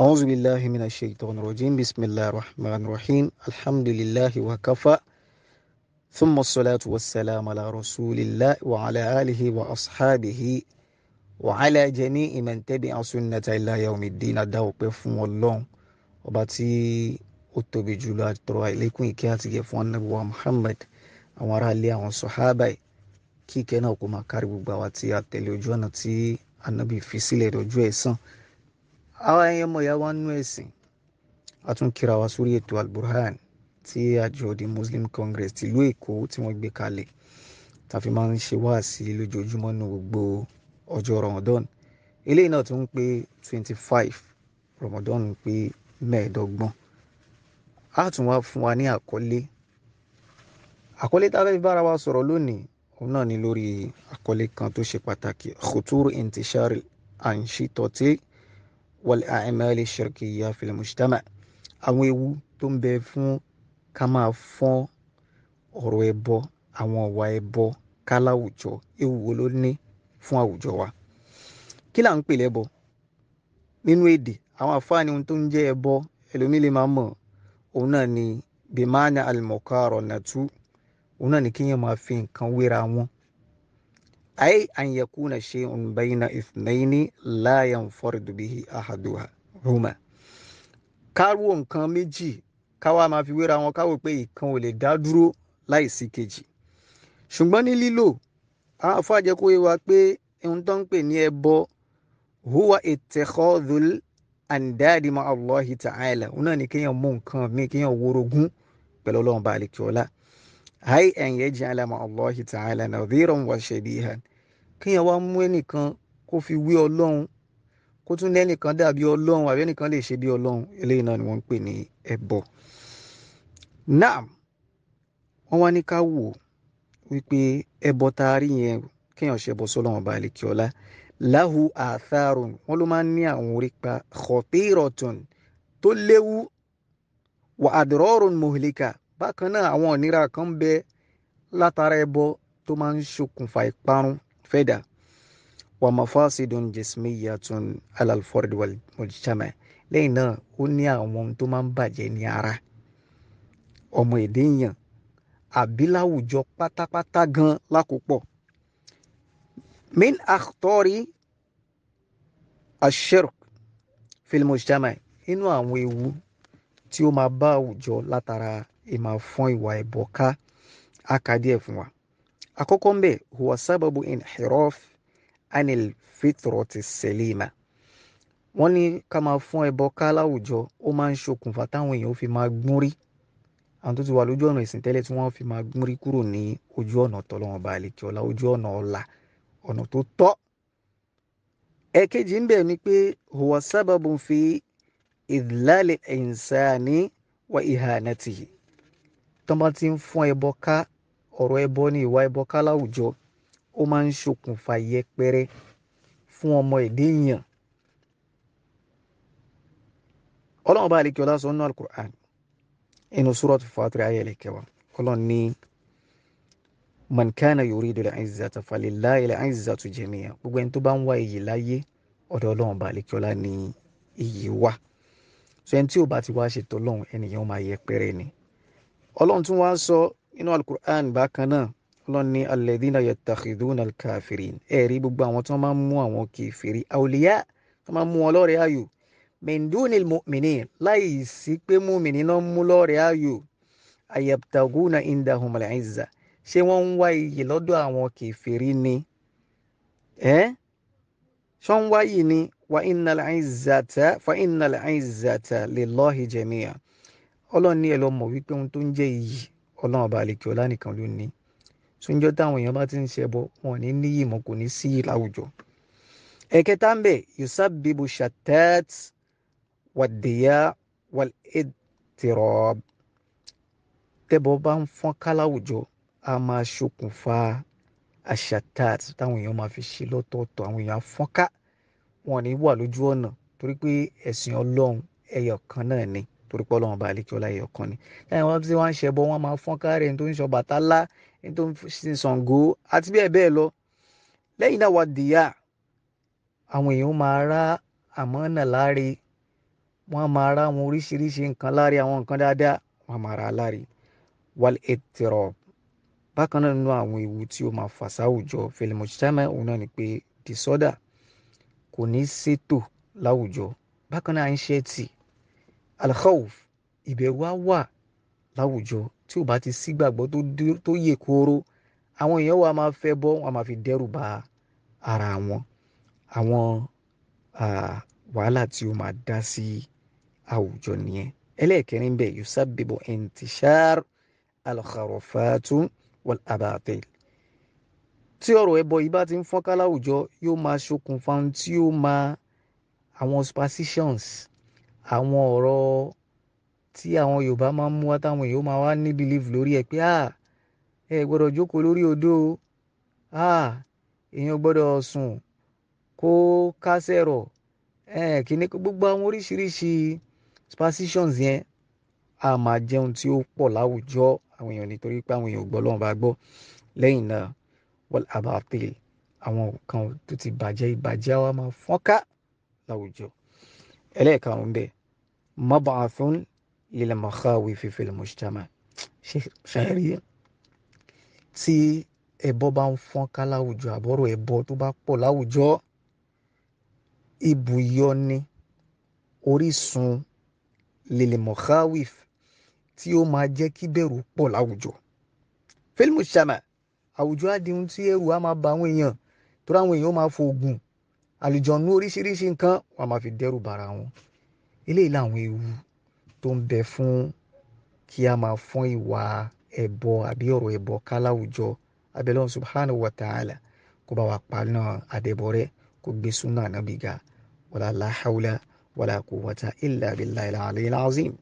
أعوذ بالله من الشيطان الرجيم بسم الله الرحمن الرحيم الحمد لله وكفى ثم الصلاة والسلام على رسول الله وعلى آله وأصحابه وعلى جميع من تبع سنة إلى يوم الدين أدعو بفهم الله وباتي أتوبي جلال تروى إليكم إكياتي فون نبوة محمد أمر لي عن صحابة كي كان أقوم أكارب بواتي أتلو جوانا النبي في سيلة رجوة سن àwa ẹyẹ mọ̀ ya wá nú ẹ̀sìn a tún kíra wa sórí ètò alburhan tí àjọ the muslim congress tìlú èkó tí wọ́n gbé kalẹ̀ tàfi máa ń ṣe wáàsí lójoojúmọ́ ní gbogbo ọjọ́ ramadan eléyìí náà tún ń pé twenty five ramadan ń pé mẹ́ẹ̀ẹ́dọ́gbọ̀n a tún wá fún wa ní àkọlé àkọlé tá a fẹ́ bára wa sọ̀rọ̀ lónìí òun náà ni lórí àkọlé kan tó ṣe pàtàkì khuturu intishari anshitoti wal a'mal ash-shirkiyya fil mujtama' àwọn ewu tó ń bẹ fún ká máa fọ́n ọ̀rọ̀ ẹbọ àwọn ọ̀wà ẹbọ káláwùjọ ewu wo ló ní fún àwùjọ wa kí là ń pè lẹ́bọ nínú èdè àwọn àfáàní ohun tó ń jẹ́ ẹbọ ẹlòmíì lè máa mọ̀ òun náà ni bimana al-muqaranatu òun náà ni kéèyàn máa fi nǹkan wéra wọn ay an yakuna shay'un bayna ithnaini la yanfaridu bihi ahaduhuma káwọ nǹkan méjì káwa máa fi wéra wọn káwọ pé ìkan ò lè dá dúró láìsí kejì ṣùgbọ́n ní lílò àwọn afọ́jẹ́ kó yé wa pé ohun tó ń pè ní ẹbọ huwa ittikhadhul andadi ma Allahi òun náà ni kéèyàn mú nǹkan mi kéèyàn worogún pẹ̀lú ọlọ́run bá àlekí ọlá àì ẹ̀yẹ́ jẹ́ alama allah ta'ala nadhiran wa shabihan kíyàn wá mú ẹnìkan kó fi wé ọlọ́run kó tún ní ẹnìkan dàbí ọlọ́run àbí ẹnìkan lè ṣe bí ọlọ́run eléyìí náà ni wọ́n ń pè ní ẹbọ. náà wọ́n wá ní ká wò wípé ẹbọ tá a rí yẹn kéèyàn ṣe ẹbọ sọ́lọ́run ọba àlekíọ́lá lahu atharun wọ́n ló máa ń ní àwọn orípa khatiratun tó léwu wa adrorun muhlika bákan náà àwọn ìnira kan ń bẹ látara ẹbọ tó máa ń ṣokùnfà ìparun fẹ́dà wa mafasidun jismiyyatun ala al-fard wal-mujtama' lẹ́yìn náà ó ní àwọn ohun tó máa ń bàjẹ́ ní ara ọmọ èdè èèyàn àbí láwùjọ pátápátá gan lákòópọ̀ min akhtari ash-shirk fil inú àwọn ewu tí ó máa bá àwùjọ látara ìmàfọ́n ìwà ẹ̀bọ̀ ká aka díẹ̀ fún wa àkọ́kọ́ ń bẹ̀ huwa sábàbù inhiraf anil fitrati selima wọ́n ní ká máa fọ́n ẹ̀bọ̀ ká láwùjọ ó máa ń ṣokùnfà táwọn èèyàn fi máa gún rí àwọn tó ti wà lójú ọ̀nà ìsìn tẹ́lẹ̀ tí wọ́n fi máa gún rí kúrò ní ojú ọ̀nà tọ́lọ́wọ́n bá lè kíọ́lá ojú ọ̀nà ọ̀la ọ̀nà tó tọ́ ẹ̀kejì ń ni pé huwa sábàbù fi idlali insani wa ihanatihi tán bá ti ń fọ́n ẹbọ ká ọ̀rọ̀ ẹbọ ni ìwà ẹbọ ká láwùjọ ó máa ń ṣokùnfà yẹpẹrẹ fún ọmọ èdè èèyàn ọlọ́run bá àlekí ọlá sọ nínú alukur'an inú súrọ́tù fàtírì ayé ẹlẹ́kẹwà ọlọ́run ní man kana yuridu al-izzata falillahi al-izzatu jami'a gbogbo ẹni tó bá ń wá iyì láyé ọ̀dọ̀ ọlọ́run bá àlekí ọlá ní iyì wà so ẹni tí ò bá ti wá ṣètò ọlọ́run ẹnìyẹn máa yẹpẹrẹ ni ọlọ́run tún wá sọ inú alukur'an bákan náà ọlọ́run ní alladhina yattakhidhuna al-kafirin ẹ̀rí gbogbo àwọn tí wọ́n máa ń mú àwọn kèfèrí awliya tí wọ́n máa ń mú wọn lọ́rẹ̀ẹ́ ayò min dunil mu'minin láì sí pé mu'mini náà mú lọ́rẹ̀ẹ́ ayò ayabtaguna indahumul izza ṣé wọ́n ń wá iyì lọ́dọ̀ àwọn kèfèrí ni ṣé wọ́n ń wá iyì ni wa innal izzata fa innal izzata ọlọ́run ní ẹ lọ mọ̀ wípé ohun tó ń jẹ́ iyì ọlọ́run ọba àlekè ọlá nìkan ló ní súnjọ́ táwọn èèyàn bá ti ń ṣẹbọ wọn ò ní níyì mọ́ kò ní sí láwùjọ. ẹ̀kẹta ń bẹ̀ yusabbibu shatat wàdìyà wàlẹ́tìrọ̀b tẹ́bọ̀ bá ń fọ́n ká a máa ṣokùnfà àṣàtàt táwọn èèyàn máa fi ṣe lọ́tọ̀ọ̀tọ̀ àwọn èèyàn afọ́nká wọn ní wà lójú ọ̀nà torí pé ẹ̀sìn ọlọ́run ẹyọ kan náà ni torí pé ọlọ́run ọba àlekí ọlá ẹ̀yọ̀ kan ni lẹ́yìn wọn tí wọ́n ń ṣẹbọ wọn máa fọ́n káàrẹ̀ ní tó ń ṣe Ọbàtálá ní tó ń ṣe Ṣàngó àti bẹ́ẹ̀ bẹ́ẹ̀ lọ lẹ́yìn náà wà dìyà àwọn èèyàn máa rá àmọ́ náà láre wọ́n máa rá àwọn oríṣiríṣi nǹkan láre àwọn nǹkan dáadáa wọ́n máa rá láre wal ittirab bákan náà nínú àwọn ewu tí ó máa fà sáwùjọ fèlèmọ̀tìtàmẹ́ òun náà ni pé disorder kò ní ṣètò láwùjọ bákan náà à ń ṣe tì alkhawf ìbẹ̀rù á wà láwùjọ tí ò bá ti sígbàgbọ́ tó yè kooro àwọn èèyàn wa máa fẹ́ bọ́ wọn máa fi dẹ́rù ba ara wọn àwọn wàhálà tí ó máa dá sí àwùjọ nìyẹn ẹlẹ́ẹ̀kẹrin bẹ́ẹ̀ yusabbibu intishar alkharafatu wal abatil tí ọ̀rọ̀ ẹbọ yìí bá ti ń fọ́nká láwùjọ yóò máa ṣokùnfà ohun tí ó máa àwọn superstitions àwọn ọ̀rọ̀ tí àwọn Yorùbá máa ń mú wá táwọn èèyàn máa wá ní belief lórí ẹ̀ pé ah ẹ gbọ́dọ̀ jókòó lórí odó o ah èèyàn gbọ́dọ̀ sùn kó kásẹ̀ rọ̀ eh, kíní gbogbo àwọn oríṣiríṣi superstitions yẹn a máa jẹun tí ó pọ̀ láwùjọ àwọn èèyàn nítorí pé àwọn èèyàn gbọ́ lọ́wọ́n bá gbọ́ lẹ́yìn náà wọ́n àbàtì àwọn nǹkan tó ti bàjẹ́ ìbàjẹ́ wa máa fọ́nká láwùjọ ẹlẹ́ẹ̀karùn-ún bẹ́ẹ̀ مبعث للمخاوف في المجتمع ṣẹ́rí tí ẹbọ bá ń fọ́n ká láwùjọ àbọ̀rọ̀ ẹbọ tó bá pọ̀ láwùjọ ibùyọ ni orísun lèlèmọ̀káwìf tí ó máa jẹ́ kí bẹ̀rù pọ̀ láwùjọ. fílmù ṣàmà àwùjọ àdìhun tí ẹrù á máa ba àwọn èèyàn tó ráwọn èèyàn ó máa fògùn àlùjọ̀nú oríṣiríṣi nǹkan wọ́n máa fi dẹ́rù bara wọn eléyìí làwọn ewu tó ń bẹ fún kí a máa fọ́n ìwà ẹbọ àbí ọ̀rọ̀ ẹbọ ká láwùjọ abẹ́lẹ́wọ̀n subhanahu wa ta'ala kó bá wa pa náà àdẹ́bọ̀rẹ́ kó gbé súnà náà bìgà wàlá láhàwùlá wàlá quwwata illa billahi al-ali al-azim.